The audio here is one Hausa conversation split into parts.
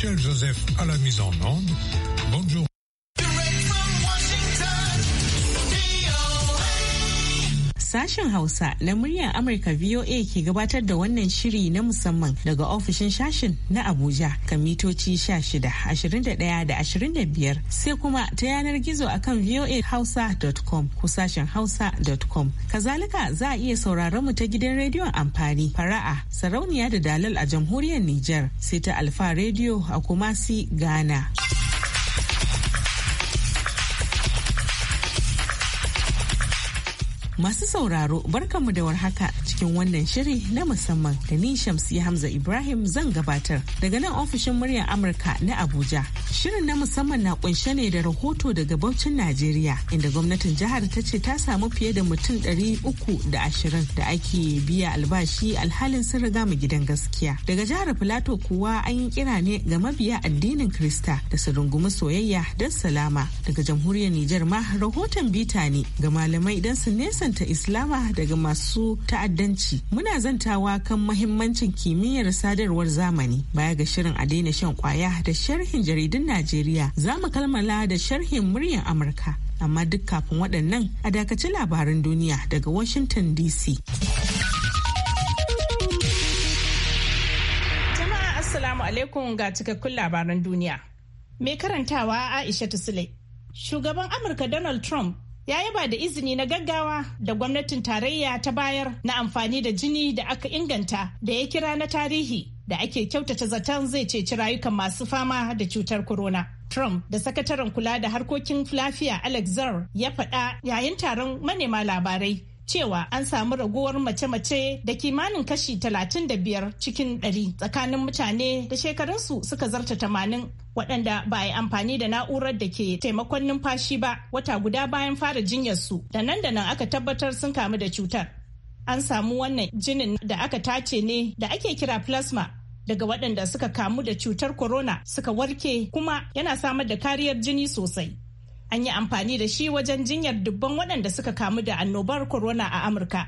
Michel Joseph à la mise en onde. Bonjour. Sashen Hausa na muryar Amurka VOA ke gabatar da wannan shiri na musamman daga ofishin sashen na Abuja ka mitoci 16, 21 da 25 sai kuma ta yanar gizo akan voahausa.com ko sashen hausa.com. Kazalika za a iya sauraron mu ta gidan rediyon amfani fara'a sarauniya da dalal a jamhuriyar Nijar sai ta Alfa Rediyo a Kumasi Ghana. Masu sauraro barkanmu da warhaka cikin wannan shiri na musamman da ni Shamsi Hamza Ibrahim zan gabatar daga nan ofishin muryar Amurka na Abuja. Shirin na musamman na kunshe ne da rahoto daga Bauchin Najeriya inda gwamnatin jihar ta ce ta samu fiye da mutum ɗari uku da ashirin da ake biya albashi alhalin sun riga mu gidan gaskiya. Daga jihar Filato kuwa an yi kira ne ga mabiya addinin Krista da su rungumi soyayya don salama. Daga jamhuriyar Nijar ma rahoton bita ne ga malamai don su nesa nesanta islama daga masu ta'addanci muna zantawa kan mahimmancin kimiyyar sadarwar zamani baya ga shirin a daina shan kwaya da sharhin jaridun najeriya za mu kalmala da sharhin muryar amurka amma duk kafin waɗannan a dakaci labaran duniya daga washington dc jama'a assalamu alaikum ga cikakkun labaran duniya mai karantawa aisha sule shugaban amurka donald trump ya yaba da izini na gaggawa da gwamnatin tarayya ta bayar na amfani da jini da aka inganta da ya kira na tarihi da ake kyautata zaton zai ceci rayukan masu fama da cutar corona. Trump da sakataren kula da harkokin lafiya Alex ya faɗa yayin taron manema labarai cewa an samu raguwar mace-mace da kimanin kashi 35 cikin 100 tsakanin mutane da shekarunsu suka zarta tamanin, waɗanda ba a yi amfani da na'urar da ke taimakon numfashi ba wata guda bayan fara jinyar su, da nan da nan aka tabbatar sun kamu da cutar an samu wannan jinin da aka tace ne da ake kira plasma daga waɗanda suka kamu da cutar corona suka warke kuma yana samar da kariyar jini sosai an yi amfani da shi wajen jinyar dubban waɗanda suka kamu da annobar corona a amurka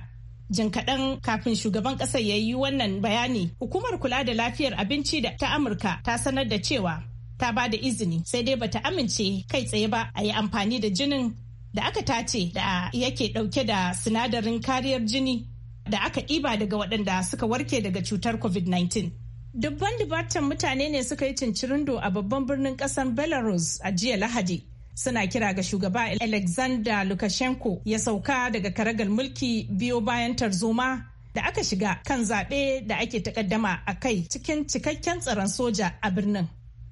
jin kaɗan kafin shugaban ƙasar ya yi wannan bayani hukumar kula da lafiyar abinci ta amurka ta sanar da cewa ta ba da izini sai dai bata amince kai tsaye ba a yi amfani da jinin da aka tace da yake ɗauke da sinadarin kariyar jini da aka ɗiba daga waɗanda suka warke daga cutar covid-19 dubban dubatan mutane ne suka yi cincirindo a babban birnin ƙasar belarus a jiya lahadi suna kira ga shugaba alexander lukashenko ya sauka daga karagar mulki biyo bayan tarzoma da aka shiga kan zaɓe da ake takaddama a kai cikin cikakken tsaron soja a birnin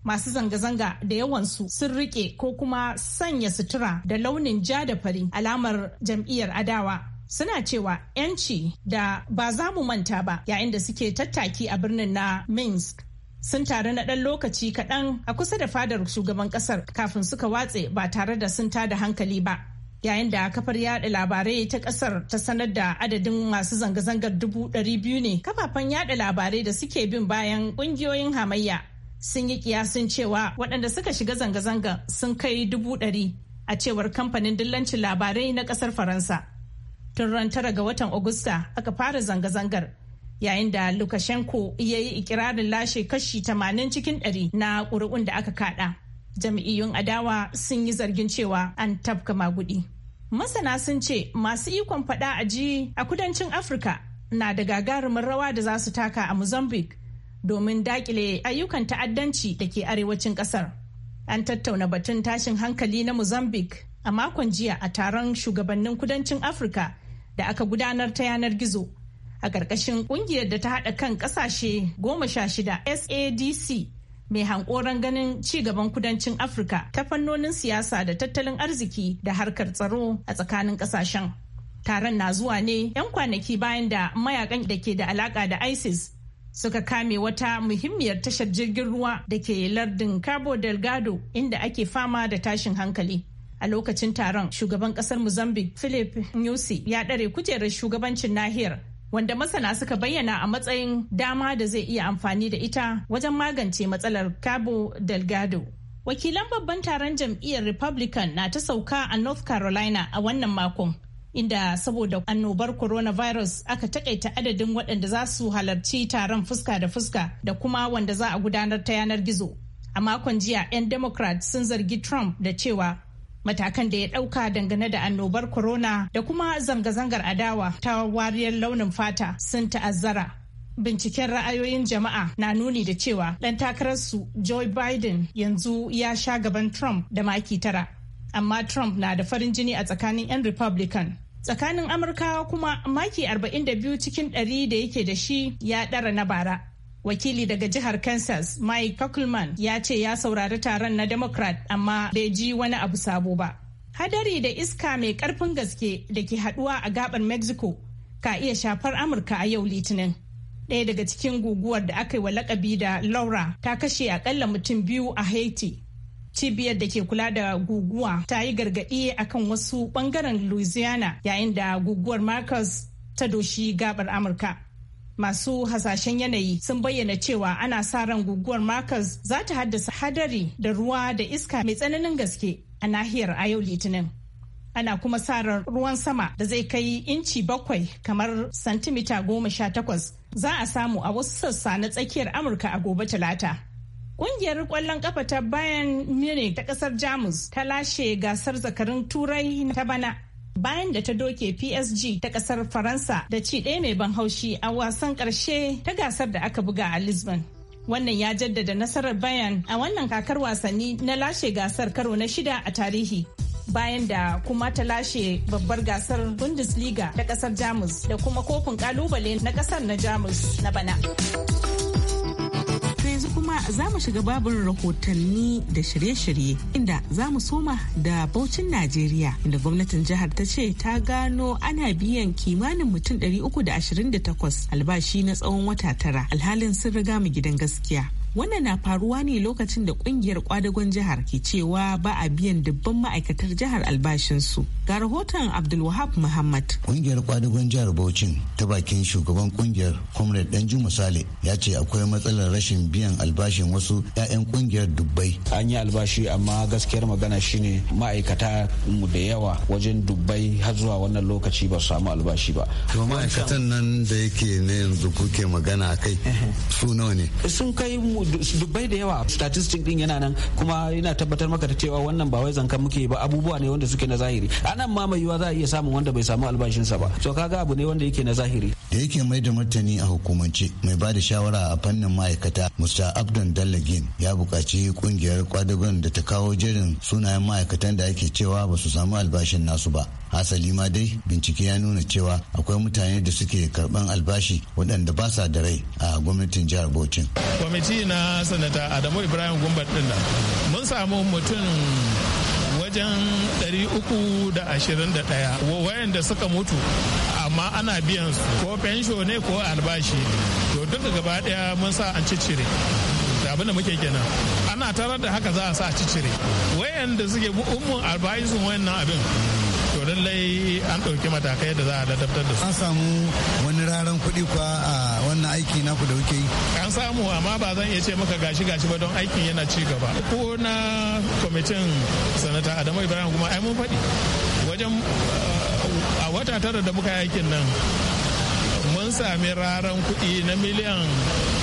masu zanga-zanga da yawansu sun rike ko kuma sanya sutura da launin ja da fari alamar jam'iyyar adawa suna cewa 'yanci da ba za mu manta ba yayin da suke tattaki a birnin na minsk sun taru na ɗan lokaci kaɗan a kusa da fadar shugaban ƙasar kafin suka watse ba tare da sun tada hankali ba. Yayin da kafar yada labarai ta ƙasar ta sanar da adadin masu zanga-zangar dubu ɗari biyu ne kafafen yada labarai da suke bin bayan ƙungiyoyin hamayya sun yi kiyasin cewa waɗanda suka shiga zanga-zanga sun kai dubu ɗari a cewar kamfanin dillancin labarai na ƙasar Faransa. Tun ran tara ga watan Agusta aka fara zanga-zangar yayin da lukashenko ya yi ikirarin lashe kashi 80 cikin 100 na ƙuri'un da aka kada jam'iyyun adawa sun yi zargin cewa an tafka magudi masana sun ce masu ikon fada a ji a kudancin afirka na da gagarumin rawa da za su taka a mozambique domin dakile ayyukan ta'addanci da ke arewacin kasar an tattauna batun tashin hankali na mozambique a makon jiya a taron shugabannin kudancin afirka da aka gudanar ta yanar gizo a ƙarƙashin ƙungiyar da ta haɗa kan ƙasashe goma sha shida sadc mai hankoran ganin ci gaban kudancin afirka ta fannonin siyasa da tattalin arziki da harkar tsaro a tsakanin ƙasashen taron na zuwa ne 'yan kwanaki bayan da mayakan da ke da alaƙa da isis suka kame wata muhimmiyar tashar jirgin ruwa da ke lardin cabo delgado inda ake fama da tashin hankali a lokacin taron shugaban ƙasar mozambique philip nyusi ya ɗare kujerar shugabancin nahiyar wanda masana suka bayyana a matsayin dama da zai iya amfani da ita wajen magance matsalar cabo delgado wakilan babban taron jam'iyyar republican na ta sauka a north carolina a wannan makon inda saboda annobar coronavirus aka takaita adadin waɗanda za su halarci taron fuska da fuska da kuma wanda za a gudanar ta yanar gizo a makon jiya 'yan democrat sun zargi trump da cewa matakan da ya ɗauka dangane da annobar corona da kuma zanga-zangar adawa ta wariyar launin fata sun ta'azzara. Binciken ra'ayoyin jama'a na nuni da cewa ɗan takararsu Joe Biden yanzu ya sha gaban Trump da maki tara. Amma Trump na da farin jini a tsakanin 'yan Republican. Tsakanin Amurka kuma maki 42 cikin 100 da yake da shi ya ɗara na bara. wakili daga jihar kansas mike kuckelman ya ce ya saurari taron na democrat amma bai ji wani abu sabo ba hadari da iska mai karfin gaske da ke haduwa a gabar mexico ka iya shafar amurka a yau litinin ɗaya daga cikin guguwar da aka yi wa lakabi da laura ta kashe akalla mutum biyu a haiti cibiyar da ke kula da guguwa ta yi gargaɗi akan wasu ɓangaren louisiana yayin da guguwar marcus ta doshi gabar amurka masu hasashen yanayi sun bayyana cewa ana sa ran guguwar Marcus za ta haddasa hadari da ruwa da iska mai tsananin gaske a nahiyar a yau Litinin. Ana kuma sa ran ruwan sama da zai kai inci bakwai kamar santimita goma sha takwas za a samu a wasu sassa na tsakiyar Amurka a gobe Talata. Ƙungiyar ƙwallon ƙafa ta bayan Munich ta ƙasar Jamus ta lashe gasar zakarin Turai ta bana bayan da ta doke PSG ta kasar Faransa da ci ɗaya mai ban haushi a wasan ƙarshe ta gasar da aka buga a Lisbon. Wannan ya jaddada nasarar bayan a wannan kakar wasanni na lashe gasar karo na shida a tarihi. bayan da kuma ta lashe babbar gasar Bundesliga ta kasar Jamus da kuma kofin kalubale na kasar na Jamus na bana. yanzu kuma za mu shiga babin rahotanni da shirye-shirye inda za mu soma da Baucin Najeriya inda gwamnatin jihar ta ce ta gano ana biyan kimanin mutum 328 albashi na tsawon wata tara alhalin sun riga mu gidan gaskiya. Wannan na faruwa ne lokacin da kungiyar kwadagon jihar ke cewa ba a biyan dubban ma'aikatar jihar albashinsu. Ga rahoton Abdulwahab Muhammad. Kungiyar kwadagon jihar Bauchi ta bakin shugaban kungiyar Comrade danju musale ya ce akwai matsalar rashin biyan albashin wasu 'ya'yan kungiyar dubbai. An yi albashi amma gaskiyar magana shine ma'aikata mu da yawa wajen dubbai har zuwa wannan lokaci ba su samu albashi ba. To ma'aikatan nan da yake ne yanzu kuke magana kai su nawa ne? Sun kai dubbai da yawa statistic din yana nan kuma yana tabbatar maka da cewa wannan ba wai zanka muke ba abubuwa ne wanda suke na zahiri anan ma mai yiwa za a iya samun wanda bai samu albashinsa ba so kaga abu ne wanda yake na zahiri da yake mai da martani a hukumance mai ba da shawara a fannin ma'aikata musta abdon dallagin ya buƙaci ƙungiyar kwadagon da ta kawo jerin sunayen ma'aikatan da ake cewa ba su samu albashin nasu ba hasali ma dai bincike ya nuna cewa akwai mutane da suke karban albashi waɗanda ba sa da rai a gwamnatin jihar bocin kwamiti na sanata adamu ibrahim gumbar ɗin mun samu mutum wajen 321 wayanda suka mutu amma ana biyan su ko fensho ne ko albashi to duka gaba daya mun sa an ciccire abin da muke kenan ana tarar da haka za a sa a ciccire wayanda suke umun albashi wayannan abin to lallai an ɗauki matakai da za a ladabtar da su an samu wani raran kuɗi kwa a wannan aiki naku da kuke an samu amma ba zan iya ce maka gashi gashi ba don aikin yana ci gaba ko na kwamitin sanata adamu ibrahim kuma ai mun faɗi wajen a wata tara da muka aikin nan mun sami raran kuɗi na miliyan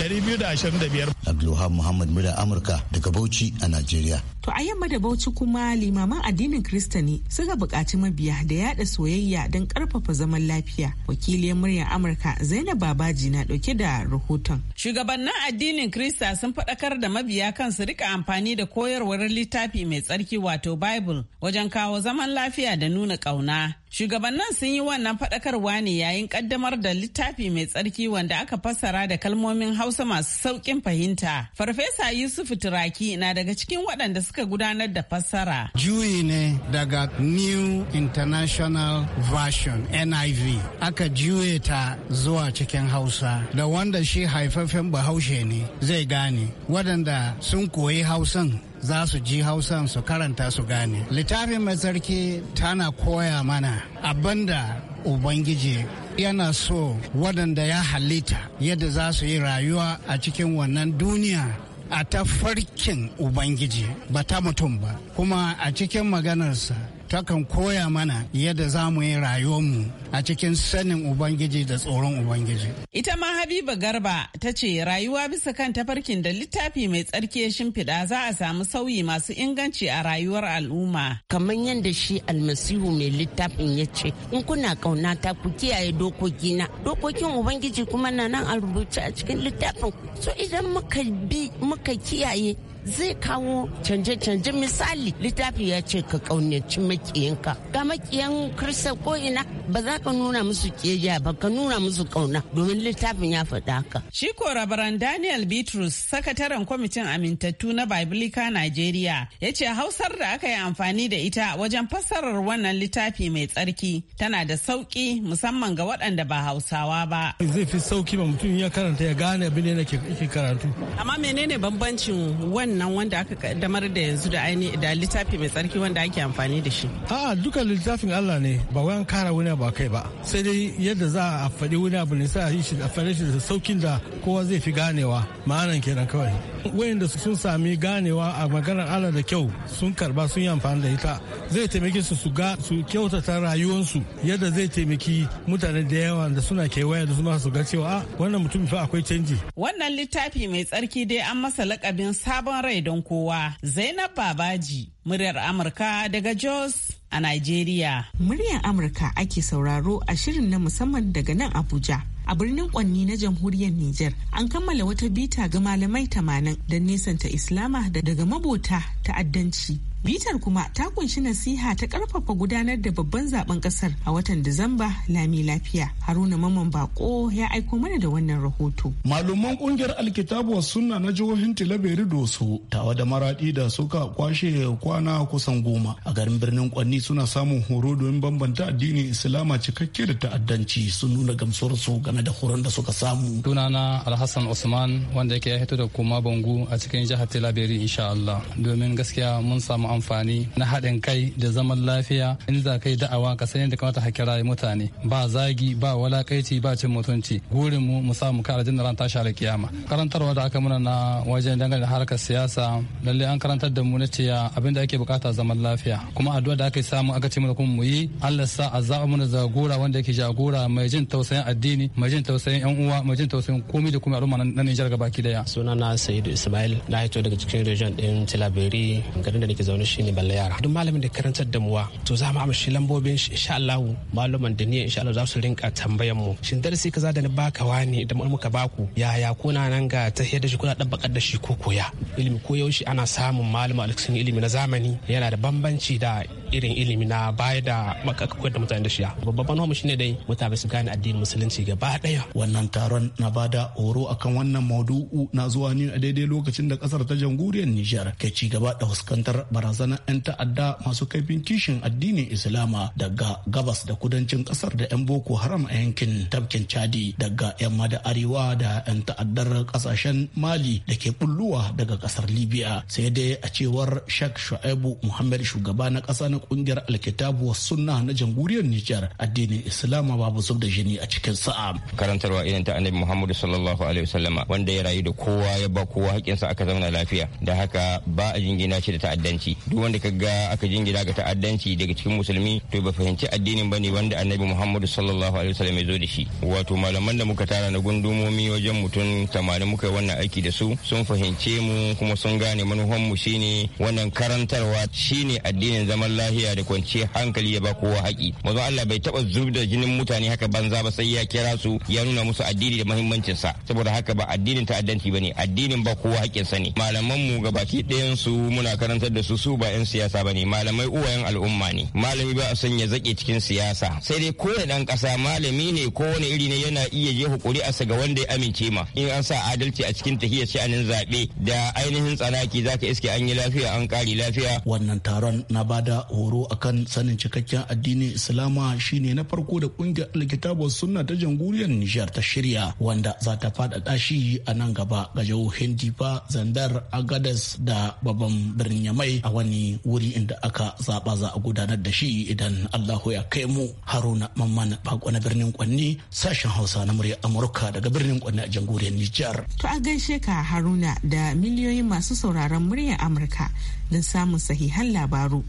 225 abdulwahab muhammad mura amurka daga bauchi a najeriya To a yamma da Bauchi kuma limaman addinin Kirista ne suka buƙaci mabiya da yada soyayya don ƙarfafa zaman lafiya. Wakiliyar muryar Amurka Zainab Babaji na ɗauke da rahoton. Shugabannin addinin Krista sun faɗakar da mabiya kan su rika amfani da koyarwar littafi mai tsarki wato Bible wajen kawo zaman lafiya da nuna ƙauna. Shugabannin sun yi wannan faɗakarwa ne yayin ƙaddamar da littafi mai tsarki wanda aka fassara da kalmomin Hausa masu sauƙin fahimta. Farfesa Yusuf Turaki na daga cikin waɗanda suka suka gudanar da fassara. Juyi ne daga New International Version NIV aka juye ta zuwa cikin Hausa da wanda shi haifafen bahaushe ne zai gane waɗanda sun koyi Hausan za su ji hausan su karanta su gane. Littafin mai tsarki tana koya mana abinda Ubangiji yana so waɗanda ya halitta yadda za su yi rayuwa a cikin wannan duniya a tafarkin Ubangiji ba ta mutum ba, kuma a cikin maganarsa takan koya mana yadda za mu yi rayuwarmu a cikin sanin Ubangiji da tsoron Ubangiji. Ita ma Habiba Garba ta ce rayuwa bisa kan tafarkin da littafi mai tsarki ya shimfiɗa za a samu sauyi masu inganci a rayuwar al'umma. Kamar yadda shi almasihu mai littafin ya ce, in kuna ƙaunata ku kiyaye dokokina. Dokokin Ubangiji kuma na nan a rubuce a cikin littafin. So idan muka bi muka kiyaye zai kawo canje-canje misali littafi ya ce ka kaunaci makiyanka ga makiyan kirista ko ina ba za ka nuna musu kiyayya ba ka nuna musu kauna domin littafin ya faɗa haka. Shi ko rabaran Daniel Bitrus sakataren kwamitin amintattu na bibilika nigeria ya ce hausar da aka yi amfani da ita wajen fassarar wannan littafi mai tsarki tana da sauƙi musamman ga waɗanda ba hausawa ba. Zai fi sauki ba mutum ya karanta ya gane abin da yake karatu. Amma menene bambancin wannan nan wanda aka kaddamar da yanzu da aini da littafi mai tsarki wanda ake amfani da shi a'a duka littafin Allah ne ba wayan kara wani ba kai ba sai dai yadda za a faɗi wani abu ne sai a yi shi a faɗi shi da saukin da kowa zai fi ganewa ma'anan kenan kawai wayanda sun sami ganewa a maganar Allah da kyau sun karba sun yi amfani da ita zai taimake su su ga su kyautata rayuwarsu yadda zai taimaki mutane da yawa da suna kewaye da suna su ga cewa a ah, wannan mutum fa akwai canji wannan littafi mai tsarki dai an masa lakabin sabon rai don kowa. Zainab Babaji, muryar Amurka daga Jos a Nigeria. Muryar Amurka ake sauraro a shirin na musamman daga nan Abuja. a birnin kwanni na jamhuriyar Nijar an kammala wata bita ga malamai tamanin don nesanta Islama daga mabota ta'addanci Bitar kuma ta kunshi nasiha ta karfafa gudanar da babban zaben kasar a watan Disamba lami lafiya. Haruna Maman Bako ya aiko mana da wannan rahoto. Malaman kungiyar Alkitabu Sunna na jihohin Tilaberi Doso, tawa da maradi da suka kwashe kwana kusan goma a garin birnin Kwanni suna samun horo domin bambanta addinin Islama cikakke da ta'addanci sun nuna gamsuwar su game da horon da suka samu. Sunana Alhassan Usman wanda yake ya hito da kuma Bangu a cikin jihar Tilaberi insha Allah. Domin gaskiya mun samu amfani na haɗin kai da zaman lafiya in za ka yi da'awa ka san yadda kamata hakira ya mutane ba zagi ba walakaici ba cin mutunci gurin mu mu samu ka aljanna ran tashi har kiyama karantarwa da aka muna na wajen dangane da harkar siyasa lalle an karantar da mu na cewa abin da ake bukata zaman lafiya kuma addu'a da aka samu aka ce mana kuma mu yi Allah sa a zaɓa mana zagura wanda yake jagora mai jin tausayin addini mai jin tausayin yan uwa mai jin tausayin komai da komai al'umma na Nijar ki daya sunana Sa'idu Ismail na hito daga cikin region din Tilaberi garin da nake zaune shine balle yara duk malamin da karantar da muwa to za mu amshi lambobin shi insha Allah malaman da ni insha Allah za su rinka tambayan mu shin darasi kaza da ni baka wani idan ka baku yaya kuna nan ga tahiyar da shi kuna dan bakar da shi ko koya ilimi ko yaushe ana samun malama alƙasin ilimi na zamani yana da bambanci da irin ilimi na baya da makakakwai da mutane da shi babban manuwa shine dai mutane su gane addinin musulunci gaba daya wannan taron na bada horo akan wannan maudu'u na zuwa ne a daidai lokacin da kasar ta jamhuriyar Nijar ke ci gaba da fuskantar barazanar 'yan ta'adda masu kaifin kishin addinin islama daga gabas da kudancin kasar da 'yan boko haram a yankin tafkin chadi daga yamma da arewa da 'yan ta'addar kasashen mali da ke bulluwa daga kasar libya sai dai a cewar shak shu'aibu muhammad shugaba na kasa na kungiyar alkitabu sunna na jamhuriyar nijar addinin islama babu zub da jini a cikin sa'a karantarwa irin ta annabi muhammadu sallallahu alaihi wasallama wanda ya rayu da kowa ya ba kowa haƙƙinsa aka zauna lafiya da haka ba a jingina ce da ta'addanci duk wanda ka ga aka jingina ga ta'addanci daga cikin musulmi to ba fahimci addinin bane wanda annabi muhammadu sallallahu alaihi wasallam ya zo da shi wato malaman da muka tara na gundumomi wajen mutum tamanin muka wannan aiki da su sun fahimce mu kuma sun gane manufan mu shine wannan karantarwa shine addinin zaman lahiya da kwanciyar hankali ya ba kowa haƙi manzo Allah bai taba zub da jinin mutane haka banza ba sai ya kira su ya nuna musu addini da muhimmancin sa saboda haka ba addinin ta'addanci bane addinin ba kowa haƙin ne malaman mu gabaki ɗayan su muna karantar da su su ba 'yan siyasa ba ne malamai uwayen al'umma ne malami ba a sanya ya cikin siyasa sai dai kowane dan kasa malami ne kowane iri ne yana iya je hukuri a ga wanda ya amince ma in an sa adalci a cikin tahiyar sha'anin zaɓe da ainihin tsanaki zaka iske an yi lafiya an kare lafiya wannan taron na bada horo akan sanin cikakken addinin islama shine na farko da kungiyar alkitabar sunna ta jamhuriyar nijar ta shirya wanda za ta faɗaɗa shi a nan gaba ga jihohin difa zandar agadas da babban birnin mai. a wani wuri inda aka zaba za a gudanar da shi idan Allahu ya kai mu Haruna Mamman Bako na birnin Kwanni sashen Hausa na murya Amurka daga birnin Kwanni a jamhuriyar Nijar. To a gaishe ka Haruna da miliyoyin masu sauraron muryar Amurka don samun sahihan labaru.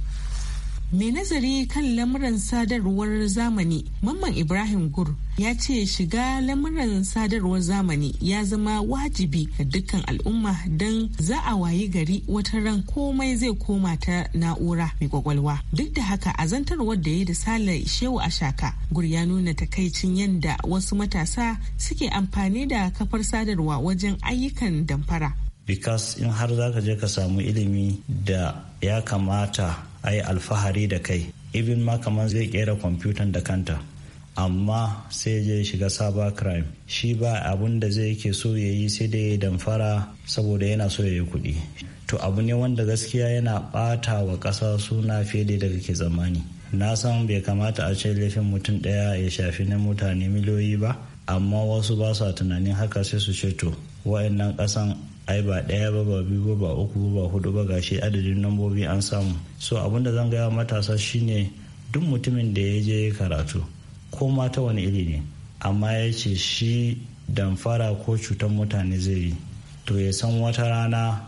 Mai nazari kan lamuran sadarwar zamani Mamman Ibrahim Gur ya ce shiga lamuran sadarwar zamani ya zama wajibi ga dukkan al'umma don za a wayi gari wata ran komai zai koma ta na'ura mai kwakwalwa. Duk da haka a zantarwar da ya da sale shehu a shaka gur ya nuna takaicin yadda wasu matasa suke amfani da kafar sadarwa wajen ayyukan damfara. Because in har za ka je ka samu ilimi da ya kamata a yi alfahari da kai Ibin ma kamar zai kera kwamfutan da kanta amma sai ya shiga cyber crime shi ba abun da zai ke so ya yi sai dai damfara saboda yana so ya yi kuɗi to abu ne wanda gaskiya yana ɓata wa ƙasa suna fiye da daga ke zamani na san bai kamata a ce laifin mutum ɗaya ya shafi na mutane miliyoyi ba amma wasu ba sa tunanin haka sai su ce to wa'annan ƙasan ai ba ɗaya ba ba biyu ba ba uku ba hudu ba gashi adadin nambobi an samu so abin da zan gaya matasa shine duk mutumin da ya je karatu ko ma ta wani iri ne amma ya ce shi damfara ko cutar mutane zai yi to ya san wata rana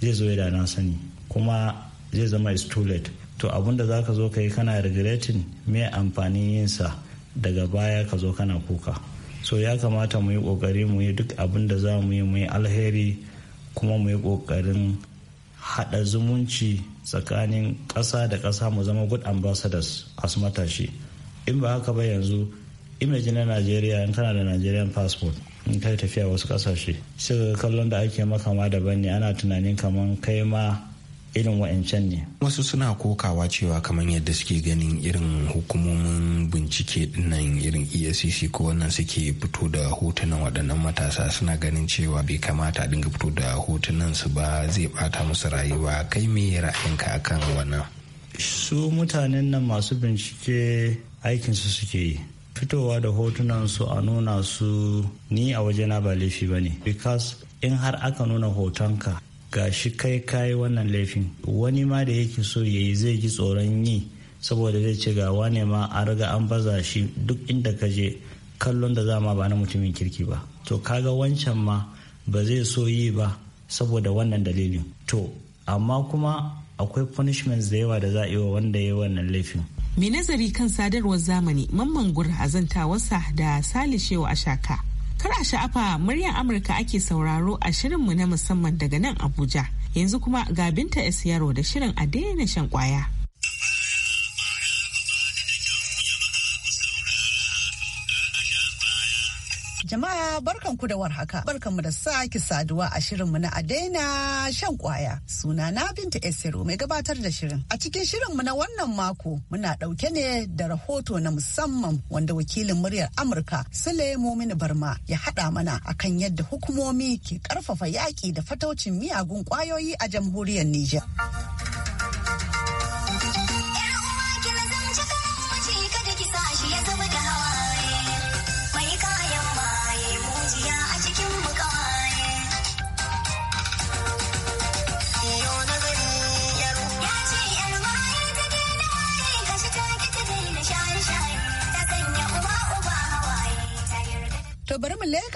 zai zo da na sani kuma zai zama is to late da za ka zo ka yi kana regretting me amfanin yinsa daga baya ka zo kana kuka so ya kamata mu yi kokari mu yi duk abin da za mu yi mu yi alheri kuma mu yi ƙoƙarin haɗa zumunci tsakanin ƙasa da ƙasa mu zama good ambassadors a su matashi in ba haka ba yanzu image na najeriya in kana da nigerian passport in kai tafiya wasu ƙasashe sai kallon da ake makama da daban ne ana tunanin kaman kai ma irin wa'ancan ne. Wasu suna kokawa cewa kamar yadda suke ganin irin hukumomin bincike dinnan irin EFCC ko wannan suke fito da hotunan waɗannan matasa suna ganin cewa bai kamata dinga fito da hotunan su ba zai bata musu rayuwa kai me ra'ayinka akan wannan. Su mutanen nan masu bincike aikinsu suke yi. fitowa da hotunan su a nuna su ni a wajena ba laifi ba ne because in har aka nuna hotonka ga shi kai kayi wannan laifin wani ma da yake so ya yi zai ji tsoron yi saboda zai ce ga wane ma a riga an baza shi duk inda ka je kallon da za ma ba na mutumin kirki ba to kaga wancan ma ba zai so yi ba saboda wannan dalilin to amma kuma akwai punishments da yawa da za a yi wa wanda ya yi wannan laifin mai nazari kan sadarwar zamani mamman gur azantawarsa da salishewa shaka. Kar a sha'afa muryar Amurka ake sauraro a mu na musamman daga nan Abuja. Yanzu kuma ga Binta Yaro da shirin a daina shan kwaya. Jama'a ku da warhaka. mu da sake saduwa a shirinmu na daina shan kwaya. Suna na Binta Esero mai gabatar da shirin. A cikin shirinmu na wannan mako muna ɗauke ne da rahoto na musamman wanda wakilin muryar Amurka Sule Momini Barma ya haɗa mana akan yadda hukumomi ke ƙarfafa yaƙi da fataucin miyagun ƙwayoyi a jamhuriyar Nijar.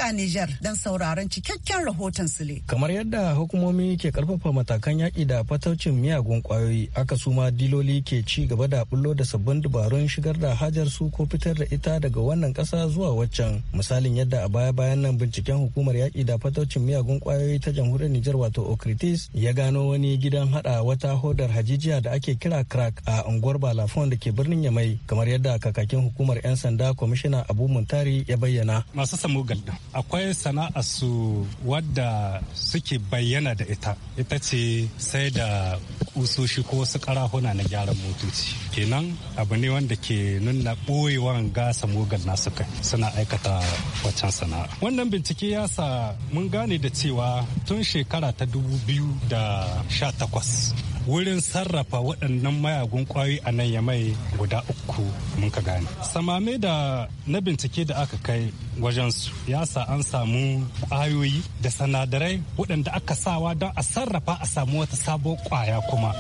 a Nijar don sauraron cikakken rahoton Sule. Kamar yadda hukumomi ke karfafa matakan yaƙi da fataucin miyagun ƙwayoyi, aka suma diloli ke ci gaba da bullo da sabbin dabarun shigar da hajar su ko fitar da ita daga wannan ƙasa zuwa waccan. Misalin yadda a baya-bayan nan binciken hukumar yaƙi da fataucin miyagun ƙwayoyi ta jamhuriyar Nijar wato Okritis ya gano wani gidan haɗa wata hodar hajijiya da ake kira crack a unguwar Balafon da ke birnin Yamai kamar yadda kakakin hukumar 'yan sanda kwamishina Abu Muntari ya bayyana. Masu samu galdan akwai su wadda suke bayyana da ita ita ce sai da kusoshi ko wasu karahuna na gyaran motoci kenan abu ne wanda ke nuna ɓoyewar gasa mogan nasu kai suna aikata waccan sana'a wannan bincike ya sa mun gane da cewa tun shekara ta dubu biyu da sha takwas wurin sarrafa waɗannan mayagun ƙwayoyi a nan ya mai guda uku mun ka gane samame da na bincike da aka kai wajensu ya sa an samu kwayoyi da sanadarai waɗanda aka sawa don a sarrafa a samu wata sabon kwaya kuma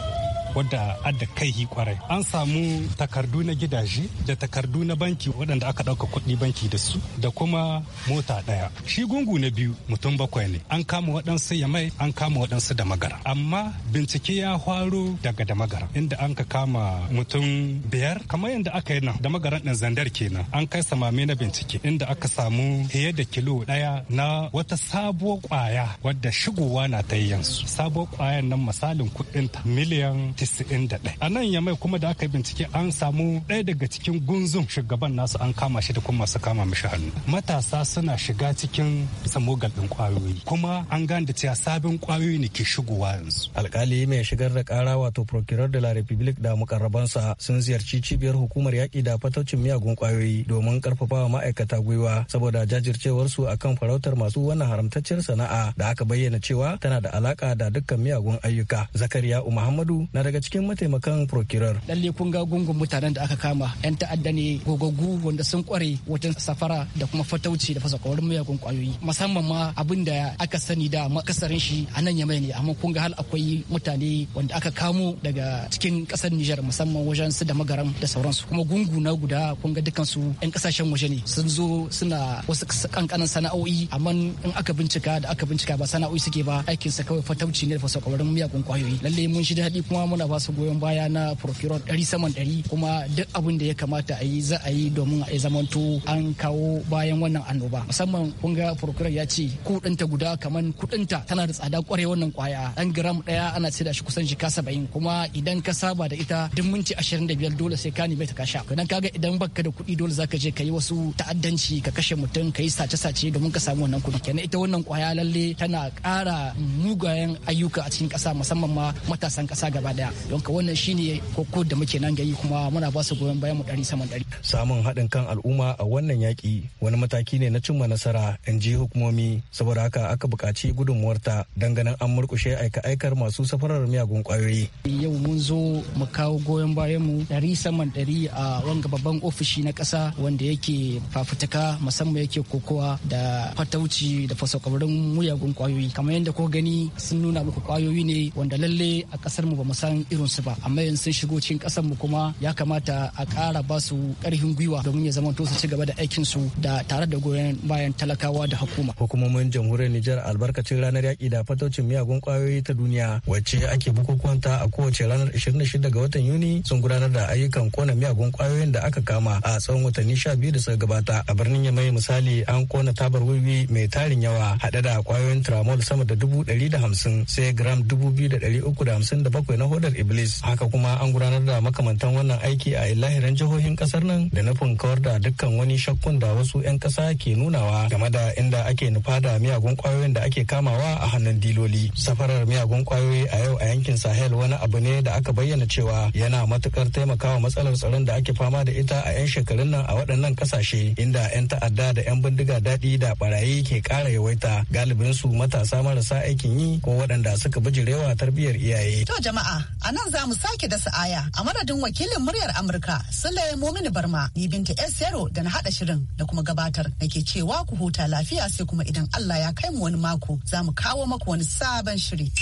wadda adda kaihi kwarai an samu takardu na gidaje da takardu na banki waɗanda aka ɗauka kuɗi banki da su da kuma mota ɗaya shi gungu na biyu mutum bakwai ne an kama waɗansu ya mai an kama waɗansu da magara amma bincike ya faro daga da magara inda an kama mutum biyar kamar yadda aka yi nan da magaran ɗin zandar kenan an kai samame na bincike inda aka samu fiye da kilo ɗaya na wata sabuwar kwaya wadda shigowa na ta yi yanzu sabuwar kwayan nan misalin kuɗinta miliyan 91 a nan yamai kuma da aka yi bincike an samu ɗaya daga cikin gunzun shugaban nasu an kama shi da kuma masu kama mishi hannu matasa suna shiga cikin samogal ɗin kwayoyi kuma an gane da cewa sabin kwayoyi ne ke shigowa yanzu alkali mai shigar da kara wato procureur de la republique da mukarrabansa sun ziyarci cibiyar hukumar yaƙi da fataucin miyagun kwayoyi domin wa ma'aikata gwiwa saboda jajircewarsu akan farautar masu wannan haramtacciyar sana'a da aka bayyana cewa tana da alaƙa da dukkan miyagun ayyuka zakariya muhammadu na daga daga cikin mataimakan prokirar. Lalle kun ga gungun mutanen da aka kama 'yan ta'adda ne gogaggu wanda sun kware wajen safara da kuma fatauci da fasa kwarar miyagun kwayoyi musamman ma abin da aka sani da makasarin shi a nan yamai ne amma kun ga hal akwai mutane wanda aka kamo daga cikin kasar Nijar musamman wajen su da magaram da sauransu kuma gungu na guda kun ga dukkan su 'yan kasashen waje ne sun zo suna wasu kankanan sana'o'i amma in aka bincika da aka bincika ba sana'o'i suke ba aikinsa kawai fatauci ne da fasa kwarar miyagun kwayoyi lalle mun shi daɗi kuma muna da ba goyon baya na procuror ɗari saman ɗari kuma duk abin da ya kamata a yi za a yi domin a zamanto an kawo bayan wannan annoba musamman kun ga procuror ya ce kuɗinta guda kamar kuɗinta tana da tsada kwarai wannan kwaya ɗan gram ɗaya ana sai da shi kusan jika saba'in kuma idan ka saba da ita duk minti ashirin da biyar dole sai ka nemi ta kasha ka kaga idan baka da kuɗi dole zaka je ka yi wasu ta'addanci ka kashe mutum ka yi sace-sace domin ka samu wannan kuɗi kenan ita wannan kwaya lalle tana kara mugayen ayyuka a cikin kasa musamman ma matasan kasa gaba daya don ka wannan shine koko da muke nan gayi kuma muna ba su goyon bayan mu ɗari saman ɗari. samun haɗin kan al'umma a wannan yaƙi wani mataki ne na cimma nasara in ji hukumomi saboda haka aka buƙaci gudunmuwarta don ganin an murƙushe aika-aikar masu safarar miyagun ƙwayoyi. yau mun zo mu kawo goyon bayan mu ɗari saman ɗari a wanga babban ofishi na ƙasa wanda yake fafutuka musamman yake kokowa da fatauci da fasaukabarin miyagun ƙwayoyi kamar yadda ko gani sun nuna muku ƙwayoyi ne wanda lalle a ƙasar mu ba mu san san irin su ba amma yanzu sun shigo cikin kasan mu kuma ya kamata a kara ba su ƙarfin gwiwa domin ya zama to su ci gaba da aikin su da tare da goyon bayan talakawa da hukuma hukumomin jamhuriyar Nijar albarkacin ranar yaƙi da fatocin miyagun kwayoyi ta duniya wacce ake bukukuwanta a kowace ranar 26 ga watan Yuni sun gudanar da ayyukan kona miyagun kwayoyin da aka kama a tsawon watanni 12 da suka gabata a birnin Yamai misali an kona tabar wiwi mai tarin yawa haɗe da kwayoyin tramol sama da dubu ɗari da hamsin sai gram dubu biyu da ɗari uku da hamsin da bakwai na hoda daular iblis haka kuma an gudanar da makamantan wannan aiki a lahiran jihohin kasar nan da nufin kawar da dukkan wani shakkun da wasu 'yan kasa ke nunawa game da inda ake nufa da miyagun kwayoyin da ake kamawa a hannun diloli safarar miyagun kwayoyi a yau a yankin sahel wani abu ne da aka bayyana cewa yana matukar taimakawa matsalar tsaron da ake fama da ita a 'yan shekarun nan a waɗannan kasashe inda 'yan ta'adda da 'yan bindiga daɗi da barayi ke ƙara yawaita galibin su matasa marasa aikin yi ko waɗanda suka bijirewa tarbiyyar iyaye. To jama'a A nan za mu sake dasa aya a madadin wakilin muryar Amurka Sule Momini Barma ni binta S 0 da na hada shirin da kuma gabatar nake cewa ku huta lafiya sai kuma idan Allah ya kai mu wani mako za mu kawo maku wani sabon shiri.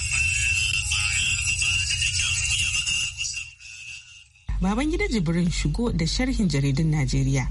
Baban gida Jibrin shigo da sharhin jaridun Najeriya.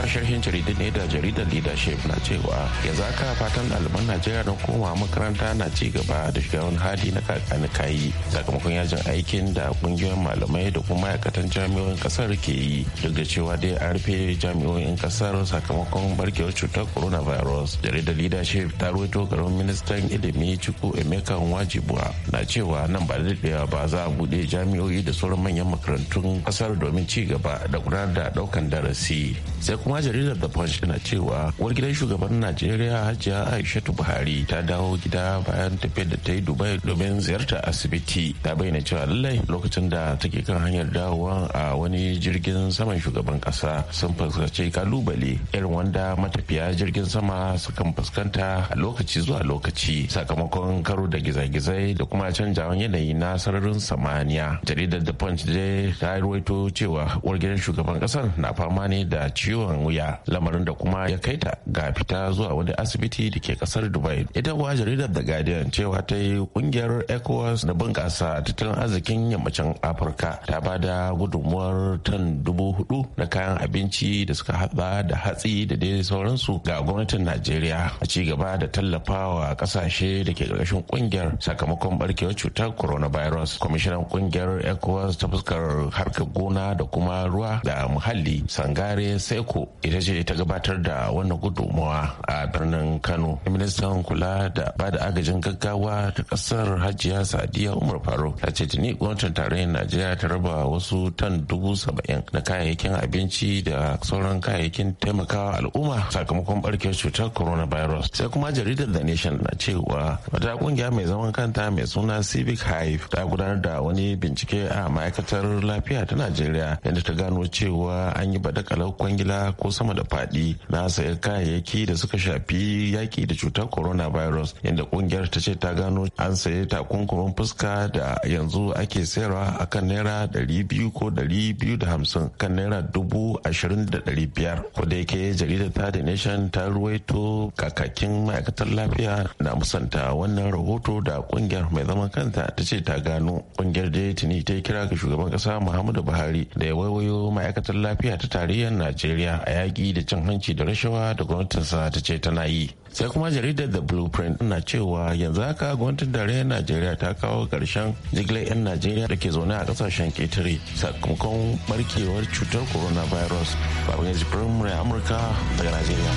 kuma sharhin jaridar ne da jaridar leadership na cewa ya zaka fatan ɗaliban najeriya don koma makaranta na ci gaba da shiga wani hali na kakani kayi sakamakon yajin aikin da kungiyoyin malamai da kuma ma'aikatan jami'o'in kasar ke yi duk da cewa dai an rufe jami'o'in kasar sakamakon barkewar cutar corona virus jaridar leadership ta ruwaito garin ministan ilimi chuku emeka wajibuwa na cewa nan ba da daɗewa ba za a buɗe jami'o'i da sauran manyan makarantun kasar domin ci gaba da gudanar da ɗaukan darasi sai kuma kuma jaridar da punch na cewa uwar gidan shugaban najeriya hajiya aishatu buhari ta dawo gida bayan tafiyar da ta yi dubai domin ziyarta asibiti ta bayyana cewa lallai lokacin da take kan hanyar dawowa a wani jirgin saman shugaban kasa sun fuskanci kalubale irin wanda matafiya jirgin sama sukan fuskanta a lokaci zuwa lokaci sakamakon karo da gizagizai da kuma canjawan yanayi na sararin samaniya jaridar da punch dai ta ruwaito cewa uwar shugaban kasar na fama ne da ciwon wuya lamarin da kuma ya kai ta ga fita zuwa wani asibiti da ke kasar dubai ita kuwa jaridar da guardian cewa ta yi kungiyar ecowas da bunkasa tattalin arzikin yammacin afirka ta ba da gudunmuwar tan dubu hudu na kayan abinci da suka hada da hatsi da dai sauransu ga gwamnatin najeriya a ci gaba da tallafawa kasashe da ke ƙarƙashin kungiyar sakamakon barkewar cutar coronavirus kwamishinan kungiyar ecowas ta fuskar harkar gona da kuma ruwa da muhalli sangare seko ita ce ta gabatar da wannan gudunmawa a birnin kano ministan kula da ba da agajin gaggawa ta kasar hajiya sadiya umar faruk ta ce tuni gwamnatin tarayyar najeriya ta raba wasu tan dubu saba'in na kayayyakin abinci da sauran kayayyakin taimakawa al'umma sakamakon barkewar cutar coronavirus sai kuma jaridar the nation na cewa wata kungiya mai zaman kanta mai suna civic hive ta gudanar da wani bincike a ma'aikatar lafiya ta najeriya yadda ta gano cewa an yi badakalar kwangila ko sama da fadi na sayar kayayyaki da suka shafi yaki da cutar coronavirus inda kungiyar ta ce ta gano an sayi takunkumin fuska da yanzu ake sayarwa a kan naira dari biyu ko dari biyu da hamsin kan naira dubu ashirin da dari biyar ko da yake jaridar ta da nation ta ruwaito kakakin ma'aikatar lafiya na musanta wannan rahoto da kungiyar mai zaman kanta ta ce ta gano kungiyar da tuni ta kira ga shugaban kasa muhammadu buhari da ya waiwayo ma'aikatar lafiya ta tarayyar najeriya a yaƙi da cin hanci da rashawa da gwamnatinsa ta ce tana yi sai kuma jaridar the blueprint na cewa yanzu haka gwamnatin tarayyar najeriya ta kawo karshen jigilar 'yan najeriya da ke zaune a kasashen ketare sakamakon barkewar cutar coronavirus babban firamare amurka daga najeriya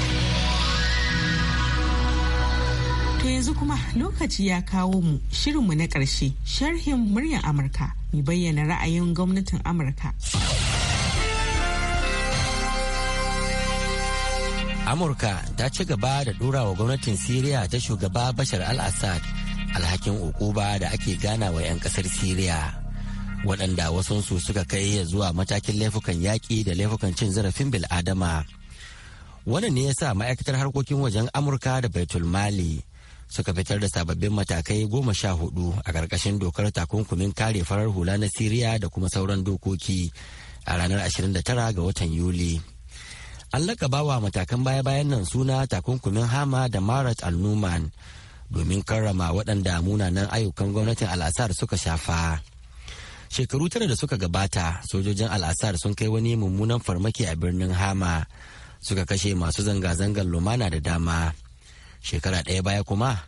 to yanzu kuma lokaci ya kawo mu shirinmu na ƙarshe sharhin muryar amurka mai bayyana ra'ayin gwamnatin amurka amurka ta ci gaba da dora wa gwamnatin siriya ta shugaba bashar al-assad alhakin ukuba da ake gana wa 'yan kasar siriya waɗanda wasansu suka kai ya zuwa matakin laifukan yaƙi da laifukan cin zarafin bil'adama wannan ne ya sa ma'aikatar harkokin wajen amurka da baitul mali suka fitar da sababbin matakai goma sha hudu a ƙarƙashin dokar takunkumin kare farar hula na siriya da kuma sauran dokoki a ranar 29 ga watan yuli. an lakabawa matakan baya-bayan nan suna takunkumin hama da marat al-numan domin karrama waɗanda munanan ayyukan gwamnatin al'asar suka shafa shekaru tara da suka gabata sojojin al'asar sun kai wani mummunan farmaki a birnin hama suka kashe masu zanga-zangar lumana da dama shekara ɗaya baya kuma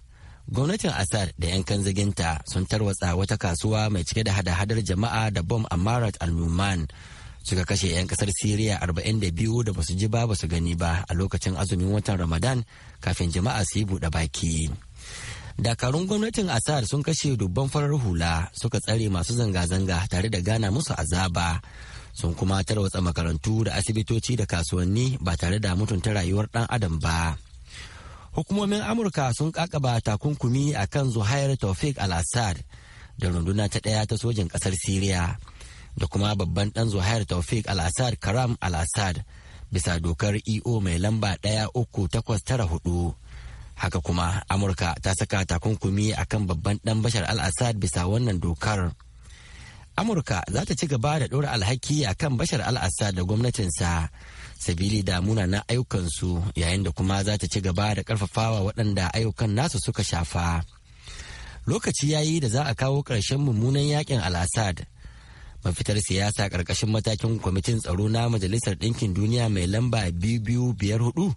gwamnatin asar da 'yan kanzaginta sun tarwatsa wata kasuwa mai cike da hada-hadar jama'a da bom a marat al-numan suka kashe 'yan kasar Siriya 42 da basu ji ba basu gani ba a lokacin azumin watan Ramadan kafin jama'a su yi buɗe baki. Dakarun gwamnatin Asar sun kashe dubban farar hula suka tsare masu zanga-zanga tare da gana musu azaba. Sun kuma tarwatsa makarantu da asibitoci da kasuwanni ba tare da mutunta rayuwar ɗan adam ba. Hukumomin Amurka sun kakaba takunkumi a kan Zuhair Taufik al-Assad da runduna ta ɗaya ta sojin ƙasar Siriya. da kuma babban ɗan zuhair taufik al-assad karam al-assad bisa dokar eo mai lamba ɗaya uku takwas tara hudu haka kuma amurka ta saka takunkumi akan babban ɗan bashar al-assad bisa wannan dokar amurka za ta ci gaba da ɗora alhaki akan bashar al-assad da gwamnatinsa sabili da na ayyukansu yayin da kuma za ta ci gaba da ƙarfafawa waɗanda ayyukan nasu suka shafa lokaci yayi da za a kawo ƙarshen mummunan yakin al-assad mafitar siyasa ƙarƙashin matakin kwamitin tsaro na majalisar ɗinkin duniya mai lamba biyu biyar hudu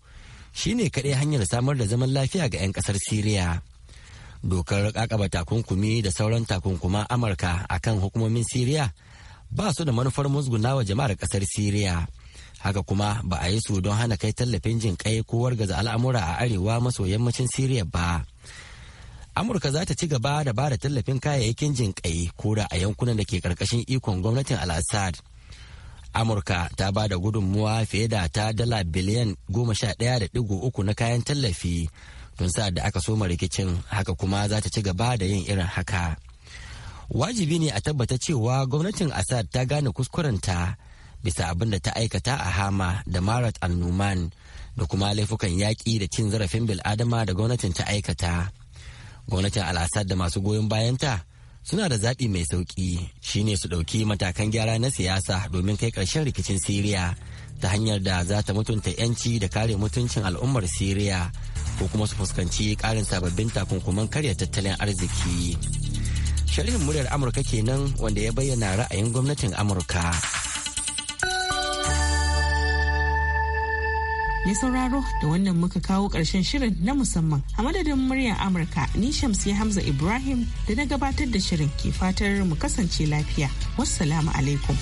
shine kaɗai hanyar samar da zaman lafiya ga 'yan ƙasar siriya dokar kakaba takunkumi da sauran takunkuma amurka a kan hukumomin siriya ba su da manufar wa jama'ar ƙasar siriya haka kuma ba a yi su don hana kai tallafin jin ko wargaza al'amura a arewa maso yammacin siriya ba amurka za ta ci gaba da ba da tallafin kayayyakin jinƙai ko da a yankunan da ke karkashin ikon gwamnatin al-assad amurka ta ba da gudunmuwa fiye da ta dala biliyan goma sha ɗaya da uku na kayan tallafi tun sa da aka soma rikicin haka kuma za ta ci gaba da yin irin haka wajibi ne a tabbata cewa gwamnatin assad ta gane kuskurenta bisa abin da ta aikata a hama da marat al-numan da kuma laifukan yaƙi da cin zarafin bil'adama da gwamnatin ta aikata. gwamnatin al'asar da masu goyon bayanta suna da zaɓi mai sauƙi shine su ɗauki matakan gyara na siyasa domin kai ƙarshen rikicin siriya ta hanyar da za ta mutunta 'yanci da kare mutuncin al'ummar siriya ko kuma su fuskanci ƙarin sababbin takunkuman karya tattalin arziki sharhin muryar amurka kenan wanda ya bayyana ra'ayin gwamnatin amurka. mai sauraro da wannan muka kawo ƙarshen shirin na musamman a madadin muryar amurka ni shamsi hamza ibrahim da na gabatar da shirin ke fatar mu kasance lafiya wassalamu alaikum